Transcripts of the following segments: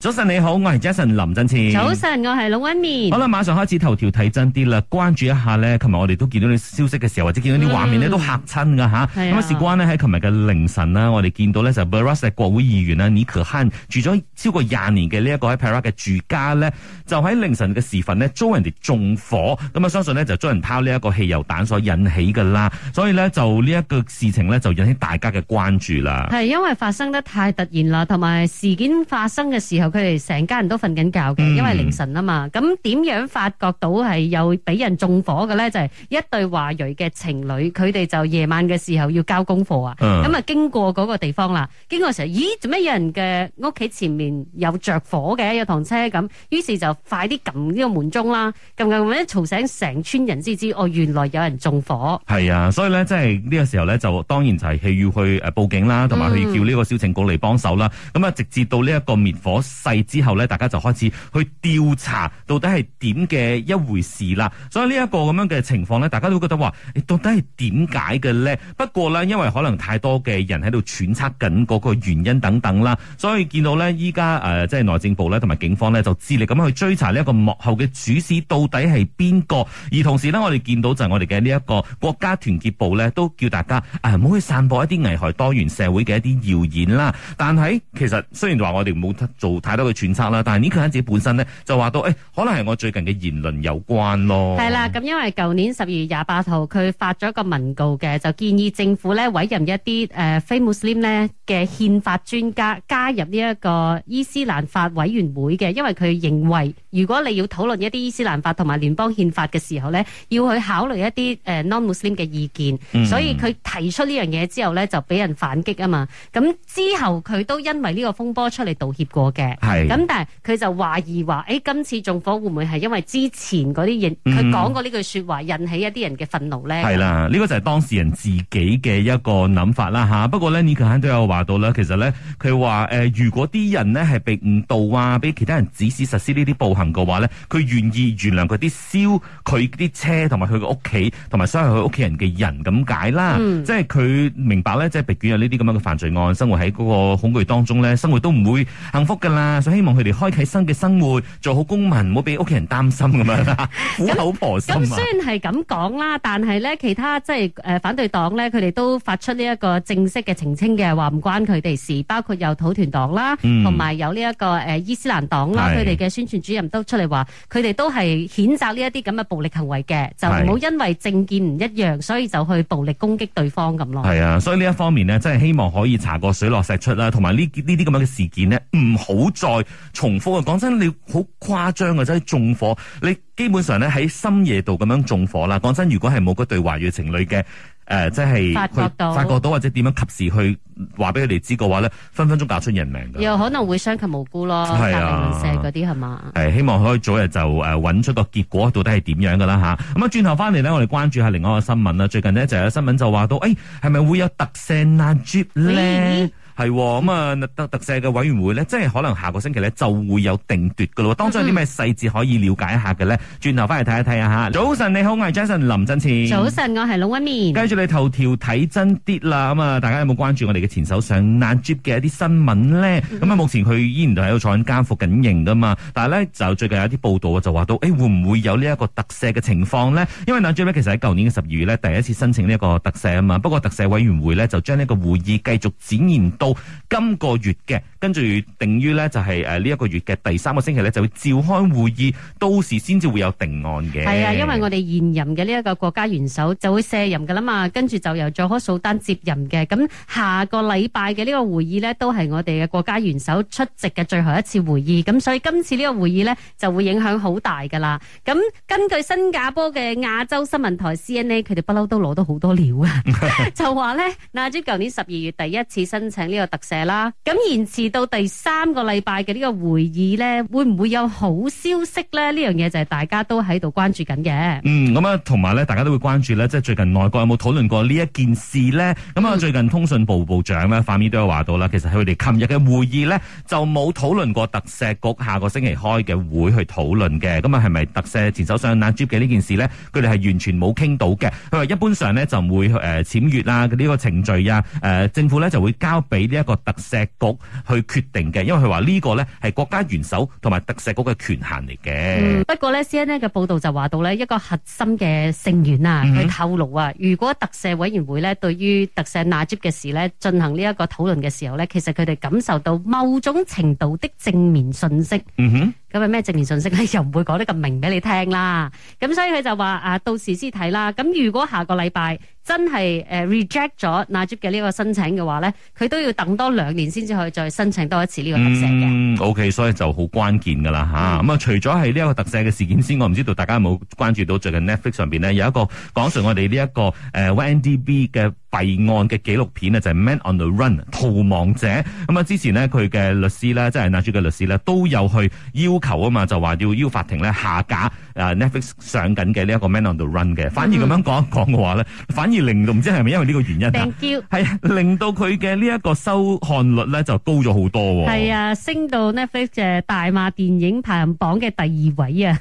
早晨你好，我係 Jason 林振前。早晨，我係老溫面。好啦，馬上開始頭條睇真啲啦，關注一下呢，琴日我哋都見到啲消息嘅時候，或者見到啲畫面呢，都嚇親噶吓。咁事關呢，喺琴日嘅凌晨啦，我哋見到呢，就 Beruas 嘅國會議員啊，Ngeh Koo Ham 住咗超過廿年嘅呢一個喺 Perak 嘅住家呢，就喺凌晨嘅時分呢，遭人哋縱火。咁啊，相信呢，就遭人拋呢一個汽油彈所引起噶啦。所以呢，就呢一個事情呢，就引起大家嘅關注啦。係因為發生得太突然啦，同埋事件發生嘅時候，佢哋成家人都瞓緊覺嘅，因為凌晨啊嘛。咁點樣發覺到係有俾人縱火嘅咧？就係一對華裔嘅情侶，佢哋就夜晚嘅時候要交功課啊。咁啊，經過嗰個地方啦，經過時候，咦，做咩有人嘅屋企前面有著火嘅，有趟車咁，於是就快啲撳呢個門鐘啦，撳撳撳，一嘈醒成村人先知，哦，原來有人縱火。係啊，所以咧，真係呢個時候咧，就當然就係係要去誒報警啦，同埋去叫呢個消防局嚟幫手啦。咁啊，直至到呢一個滅火，細之後咧，大家就開始去調查到底係點嘅一回事啦。所以這這呢一個咁樣嘅情況咧，大家都覺得話，「你到底係點解嘅呢？」不過呢，因為可能太多嘅人喺度揣測緊嗰個原因等等啦，所以見到呢，依家，誒即係內政部咧同埋警方呢，就致力咁去追查呢一個幕後嘅主使到底係邊個。而同時呢，我哋見到就係我哋嘅呢一個國家團結部呢，都叫大家誒唔好去散播一啲危害多元社會嘅一啲謠言啦。但係其實雖然話我哋冇得做。睇到佢揣測啦，但係呢佢喺自己本身咧就話到，誒、欸、可能係我最近嘅言論有關咯。係啦，咁因為舊年十二月廿八號佢發咗一個文告嘅，就建議政府咧委任一啲誒非穆斯林咧嘅憲法專家加入呢一個伊斯蘭法委員會嘅，因為佢認為。如果你要討論一啲伊斯蘭法同埋聯邦憲法嘅時候咧，要去考慮一啲誒 non-Muslim 嘅意見，嗯、所以佢提出呢樣嘢之後咧，就俾人反擊啊嘛。咁之後佢都因為呢個風波出嚟道歉過嘅，係咁是但係佢就懷疑話誒、欸、今次縱火會唔會係因為之前嗰啲引佢講過呢句說話引起一啲人嘅憤怒咧？係啦，呢、呢個就係當事人自己嘅一個諗法啦吓，不過咧，呢個人都有話到啦，其實咧佢話誒如果啲人咧係被誤導啊，俾其他人指使實施呢啲暴。行嘅話咧，佢願意原諒佢啲燒佢啲車，同埋佢嘅屋企，同埋傷害佢屋企人嘅人咁解啦。即係佢明白咧，即係被捲入呢啲咁樣嘅犯罪案，生活喺嗰個恐懼當中咧，生活都唔會幸福噶啦。所以希望佢哋開啟新嘅生活，做好公民，唔好俾屋企人擔心咁樣啦。苦口婆心啊。咁雖然係咁講啦，但係咧，其他即係誒反對黨咧，佢哋都發出呢一個正式嘅澄清嘅話，唔關佢哋事。包括有土團黨啦，同埋有呢一個誒伊斯蘭黨啦，佢哋嘅宣傳主任，都出嚟話，佢哋都係譴責呢一啲咁嘅暴力行為嘅，就唔好因為政見唔一樣，所以就去暴力攻擊對方咁咯。係啊，所以呢一方面呢，真係希望可以查個水落石出啦，同埋呢呢啲咁樣嘅事件呢，唔好再重複啊！講真，你好誇張啊！真係縱火，你基本上咧喺深夜度咁樣縱火啦。講真，如果係冇嗰對華裔情侶嘅。誒、呃，即係發覺到，發覺到或者點樣及時去話俾佢哋知嘅話咧，分分鐘搞出人命，又可能會傷及無辜咯，隔啊亂射嗰啲係嘛？係、哎、希望可以早日就誒揾、呃、出個結果，到底係點樣噶啦吓。咁啊，轉頭翻嚟咧，我哋關注一下另外一個新聞啦。最近呢就有一新聞就話到，誒、哎，係咪會有特赦辣椒咧？嗯係喎，咁啊特特赦嘅委員會咧，即係可能下個星期咧就會有定奪噶咯。當中有啲咩細節可以了解一下嘅咧？轉頭翻嚟睇一睇啊嚇！嗯、早晨你好，我係 Jason 林振詞。早晨，我係老 Amy。繼續你頭條睇真啲啦，咁啊，大家有冇關注我哋嘅前首相 Najib 嘅一啲新聞咧？咁啊、嗯嗯，目前佢依然都喺度坐緊監服緊刑噶嘛。但係咧就最近有一啲報道就話到誒、欸、會唔會有呢一個特赦嘅情況呢？因為 Najib 其實喺舊年嘅十二月第一次申請呢一個特赦啊嘛。不過特赦委員會咧就將呢個會議繼續展延到哦、今個月嘅，跟住定於呢就係誒呢一個月嘅第三個星期呢，就會召開會議，到時先至會有定案嘅。係啊，因為我哋現任嘅呢一個國家元首就會卸任噶啦嘛，跟住就由佐可蘇丹接任嘅。咁下個禮拜嘅呢個會議呢，都係我哋嘅國家元首出席嘅最後一次會議。咁所以今次呢個會議呢，就會影響好大噶啦。咁根據新加坡嘅亞洲新聞台 CNA 佢哋不嬲都攞到好多料啊， 就話呢，嗱，即係舊年十二月第一次申請呢。呢個特赦啦，咁延遲到第三個禮拜嘅呢個會議咧，會唔會有好消息咧？呢樣嘢就係大家都喺度關注緊嘅。嗯，咁啊，同埋咧，大家都會關注咧，即係最近內閣有冇討論過呢一件事咧？咁啊，最近通訊部部長咧，反面都有話到啦，其實喺佢哋琴日嘅會議咧，就冇討論過特赦局下個星期開嘅會去討論嘅。咁啊，係咪特赦前首相納吉嘅呢件事咧？佢哋係完全冇傾到嘅。佢話一般上咧就唔會誒僭越啊，呢個程序啊，誒政府咧就會交俾。呢一個特赦局去決定嘅，因為佢話呢個咧係國家元首同埋特赦局嘅權限嚟嘅。嗯。不過咧，C N N 嘅報道就話到咧，一個核心嘅成員啊，佢透露啊，嗯、哼如果特赦委員會咧對於特赦納吉嘅事咧進行呢一個討論嘅時候咧，其實佢哋感受到某種程度的正面訊息。嗯哼。咁啊咩正面信息咧，又唔會講得咁明俾你聽啦。咁所以佢就話啊，到時先睇啦。咁如果下個禮拜真係誒 reject 咗 Najib 嘅呢個申請嘅話咧，佢都要等多兩年先至可以再申請多一次呢個特赦嘅。OK，所以就好關鍵噶啦吓。咁啊，除咗係呢一個特赦嘅事件先，我唔知道大家有冇關注到最近 Netflix 上邊咧有一個講述我哋呢一個誒 1MDB 嘅。弊案嘅紀錄片咧就係 Man on the Run 逃亡者咁啊！之前咧佢嘅律師咧，即係納吉嘅律師咧，都有去要求啊嘛，就話要要法庭咧下架啊 Netflix 上緊嘅呢一個 Man on the Run 嘅，反而咁樣講講嘅話咧，嗯、反而令到唔知係咪因為呢個原因啊，Thank you. 係令到佢嘅呢一個收看率咧就高咗好多，係啊，升到 Netflix 誒大馬電影排行榜嘅第二位啊，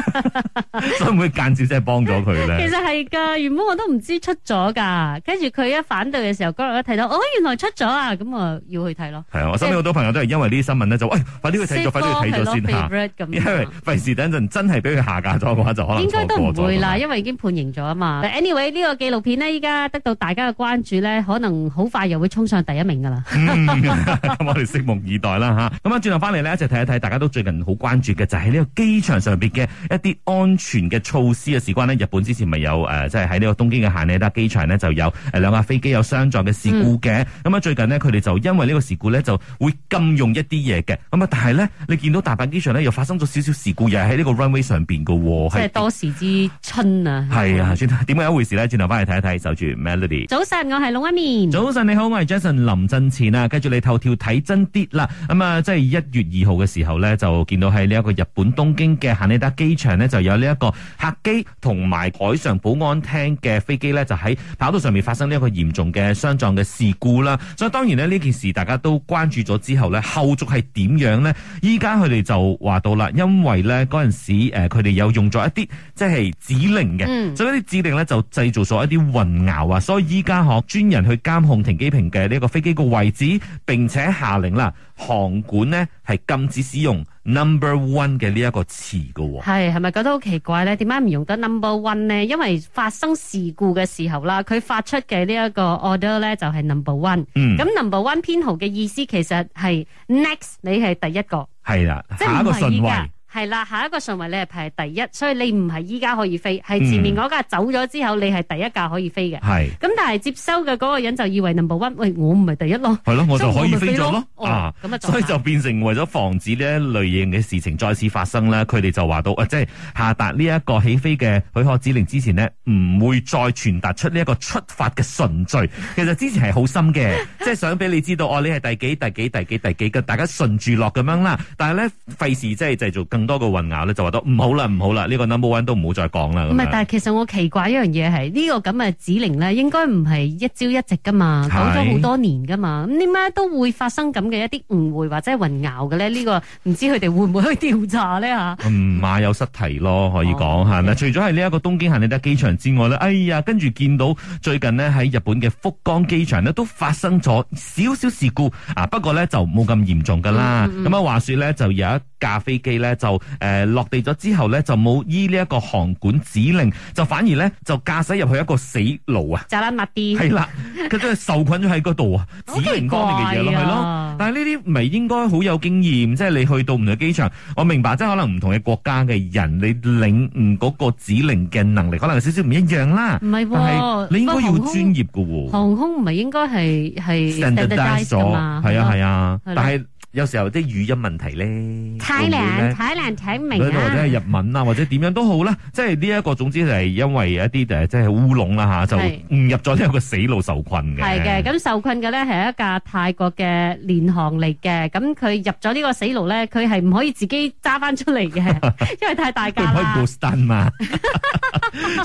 所以會唔會間接即係幫咗佢咧？其實係噶，原本我都唔知出咗噶，跟住，佢一反對嘅時候，嗰日一睇到，哦，原來出咗啊，咁啊要去睇咯。係啊，我身邊好多朋友都係因為呢啲新聞咧，就喂，快、哎、啲去睇咗，快啲去睇咗的先嚇。因為費事等陣真係俾佢下架咗嘅話，嗯、就可能應該都唔會啦，因為已經判刑咗啊嘛。Anyway，呢個紀錄片呢，依家得到大家嘅關注咧，可能好快又會衝上第一名噶啦。咁我哋拭目以待啦嚇。咁啊，轉頭翻嚟咧，一齊睇一睇，大家都最近好關注嘅就係、是、呢個機場上邊嘅一啲安全嘅措施啊，事關呢，日本之前咪有誒，即係喺呢個東京嘅羽田機場呢，就有。兩架飛機有相撞嘅事故嘅，咁啊、嗯、最近呢，佢哋就因為呢個事故呢，就會禁用一啲嘢嘅。咁啊，但係呢，你見到大阪機場呢，又發生咗少少事故，又喺呢個 runway 上邊嘅。即係多事之春啊！係是、嗯、啊，轉頭點解一回事呢？轉頭翻嚟睇一睇，守住 Melody。早晨，我係龍一棉。早晨你好，我係 Jason 林振前啊。跟住你頭條睇真啲啦。咁、嗯、啊，即係一月二號嘅時候呢，就見到喺呢一個日本東京嘅羽田機場呢，就有呢一個客機同埋海上保安廳嘅飛機呢，就喺跑道上面發生。呢一個嚴重嘅相撞嘅事故啦，所以當然咧呢件事大家都關注咗之後咧後續係點樣咧？依家佢哋就話到啦，因為咧陣時誒佢哋有用咗一啲即係指令嘅、嗯，所以啲指令咧就製造咗一啲混淆啊！所以依家學專人去監控停機坪嘅呢一個飛機個位置，並且下令啦，航管咧係禁止使用 number one 嘅呢一個詞噶喎。係係咪覺得好奇怪咧？點解唔用得 number one 咧？因為發生事故嘅時候啦，佢發出嘅。係呢一個 order 咧就係、是、number one，咁、嗯、number one 編號嘅意思其實係 next，你係第一個，係啦的，即係下一個順位。係啦，下一個順位你係排第一，所以你唔係依家可以飛，係前、嗯、面嗰架走咗之後，你係第一架可以飛嘅。係是，咁但係接收嘅嗰個人就以為 number one，喂，我唔係第一咯，係咯，我就可以飛咗咯。就了哦、啊，咁啊，所以就變成為咗防止呢一類型嘅事情再次發生啦。佢哋就話到，即係下達呢一個起飛嘅許可指令之前呢，唔會再傳達出呢一個出發嘅順序。其實之前係好深嘅，即係 想俾你知道，哦，你係第幾第幾第幾第幾嘅，大家順住落咁樣啦。但係咧，費事即係製造更。多個混淆咧，就話得唔好啦，唔好啦，呢、這個 number one 都唔好再講啦。唔係，但係其實我奇怪一、這個、一樣嘢係呢個咁嘅指令咧，應該唔係一朝一夕噶嘛，講咗好多年噶嘛，咁點解都會發生咁嘅一啲誤會或者混淆嘅咧？呢、這個唔知佢哋會唔會去調查呢？吓、嗯？馬有失蹄咯，可以講吓。嗱、哦，除咗係呢一個東京行李德機場之外咧，哎呀，跟住見到最近呢喺日本嘅福岡機場呢都發生咗少少事故啊，不過咧就冇咁嚴重噶啦。咁啊、嗯，嗯、話說咧就有一架飛機咧就。誒、呃，落地咗之後咧，就冇依呢一個航管指令，就反而咧就駕駛入去一個死路啊！就 啦，密啲，係啦，佢都受困咗喺嗰度啊！指令方面嘅嘢咯，係咯、啊。但係呢啲唔係應該好有經驗，即係你去到唔同嘅機場，我明白，即係可能唔同嘅國家嘅人，你領悟嗰個指令嘅能力，可能有少少唔一樣啦。唔係、啊，但係你應該要專業㗎喎。航空唔係應該係係 standardize 噶嘛係啊係啊，但係。有時候啲語音問題咧，睇唔嵐明，啊，睇唔睇唔明或者係日文啊，或者點樣都好啦。即係呢一個總之就係因為一啲誒，即係烏龍啦、啊、嚇，就誤入咗呢一個死路受困嘅，係嘅，咁受困嘅咧係一架泰國嘅廉航嚟嘅，咁佢入咗呢個死路咧，佢係唔可以自己揸翻出嚟嘅， 因為太大架啦。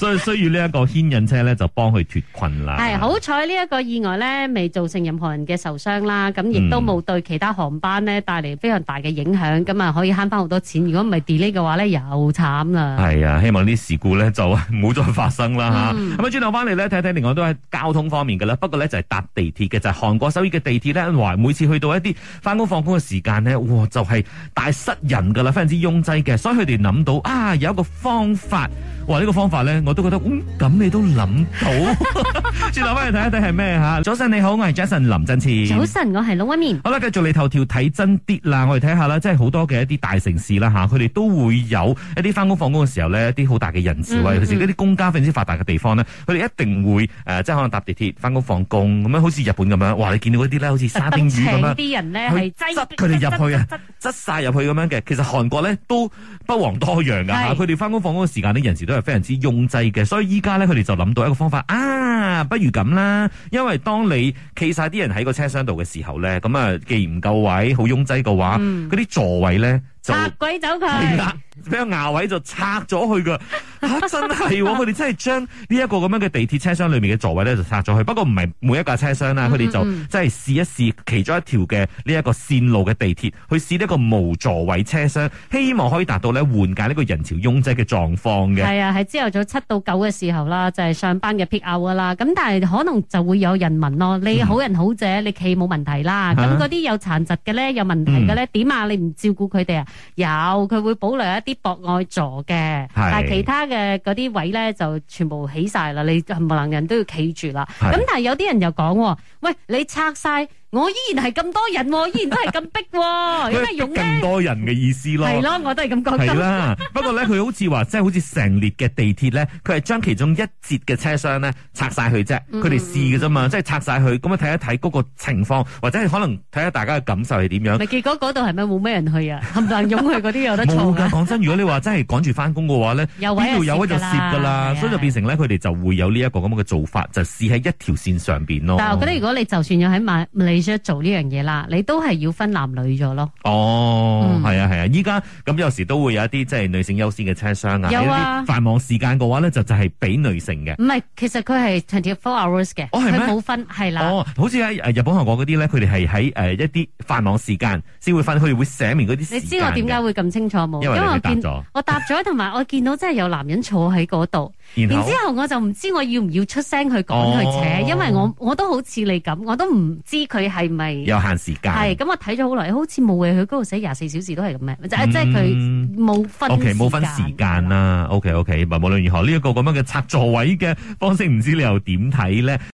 所以需要呢一個牽引車咧，就幫佢脫困啦。係，好彩呢一個意外咧，未造成任何人嘅受傷啦，咁亦都冇對其他航班，嗯。咧帶嚟非常大嘅影響，咁啊可以慳翻好多錢。如果唔係 delay 嘅話咧，又慘啦。係啊，希望呢啲事故咧就唔好再發生啦嚇。咁、嗯、啊，轉頭翻嚟咧睇睇，另外都係交通方面嘅啦。不過咧就係、是、搭地鐵嘅，就係、是、韓國首爾嘅地鐵咧，哇！每次去到一啲翻工放工嘅時間咧，哇！就係、是、大塞人噶啦，非常之擁擠嘅。所以佢哋諗到啊，有一個方法。哇！呢、這個方法咧，我都覺得，嗯，咁你都諗到。轉頭翻嚟睇一睇係咩嚇？早晨你好，我係 Jason 林振前。早晨，我係老威面。好啦、啊，繼續嚟頭條睇。睇真啲啦，我哋睇下啦，即係好多嘅一啲大城市啦，吓佢哋都會有一啲翻工放工嘅時候咧，一啲好大嘅人潮，尤其，嗯嗯、是嗰啲公交非常之發達嘅地方咧，佢哋一定會誒、呃，即係可能搭地鐵翻工放工咁樣，好似日本咁樣，哇！你見到嗰啲咧，好似沙丁魚咁樣，啲人咧係擠，佢哋入去啊，擠晒入去咁樣嘅。其實韓國咧都不遑多讓噶吓，佢哋翻工放工嘅時間咧，人潮都係非常之擁擠嘅，所以依家咧佢哋就諗到一個方法啊，不如咁啦，因為當你企晒啲人喺個車廂度嘅時候咧，咁啊既然唔夠位。好擁擠嘅話，嗰啲座位咧，拆鬼走佢，俾個牙位就拆咗去噶、 啊、真係、哦，佢哋真係將呢一個咁樣嘅地鐵車廂裏面嘅座位咧就拆咗去。不過唔係每一架車廂啦，佢哋就真係試一試其中一條嘅呢一個線路嘅地鐵，去試呢一個無座位車廂，希望可以達到咧緩解呢個人潮擁擠嘅狀況嘅。係啊，喺朝頭早七到九嘅時候啦，就係、是、上班嘅 peak hour 噶啦。咁但係可能就會有人問咯，你好人好者，你企冇問題啦。咁嗰啲有殘疾嘅咧有問題嘅咧，點啊？你唔照顧佢哋啊？有，佢會保留一啲博愛座嘅，是但係其他嘅嗰啲位咧就全部起晒啦，你冚唪能冚唪唥人都要企住啦。咁是但係有啲人又講，喂，你拆晒。我依然係咁多人，依然都係咁逼，依家湧咧。佢咁多人嘅意思咯。係 咯，我都係咁覺得。係 啦，不過咧，佢好似話，即、就、係、是、好似成列嘅地鐵咧，佢係將其中一節嘅車廂咧拆晒去啫，佢哋試嘅啫嘛，嗯、即係拆晒去，咁樣睇一睇嗰個情況，或者係可能睇下大家嘅感受係點樣。咪結果嗰度係咪冇咩人去啊？冚唪唥湧去嗰啲有得坐，啊。冇噶， 講真，如果你真趕話真係趕住翻工嘅話咧，邊度 有位就攝噶啦，所以就變成咧，佢哋就會有呢一個咁嘅做法，就試、是、喺一條線上邊咯。但係我覺得，如果你就算要喺馬做呢樣嘢，啦，你都係要分男女咗咯。哦、係、嗯、啊，係啊，依家咁有時都會有一啲即係女性優先嘅車廂啊。有啊，繁忙時間嘅話咧，就就係俾女性嘅。唔係，其實佢係 twenty four hours 嘅，佢冇、哦、分係嗎啦。哦、好似喺日本韓國嗰啲咧，佢哋係喺誒一啲繁忙時間先會分。佢哋會寫明嗰啲。你知我點解會咁清楚冇？因為，答了因為我見我答咗，同埋我見到真係有男人坐喺嗰度，然之後，後我就唔知我要唔要出聲去趕佢扯，哦、因為我我都好似你咁，我都唔知佢。係咪有限時間？係，咁我睇咗好耐，好似冇嘅。佢嗰度寫廿四小時都係咁嘅，就係嗯、即係佢冇分。O K 冇分時間啦。O K O K，唔係，無論如何，呢、這、一個咁樣嘅拆座位嘅方式，唔知你又點睇咧？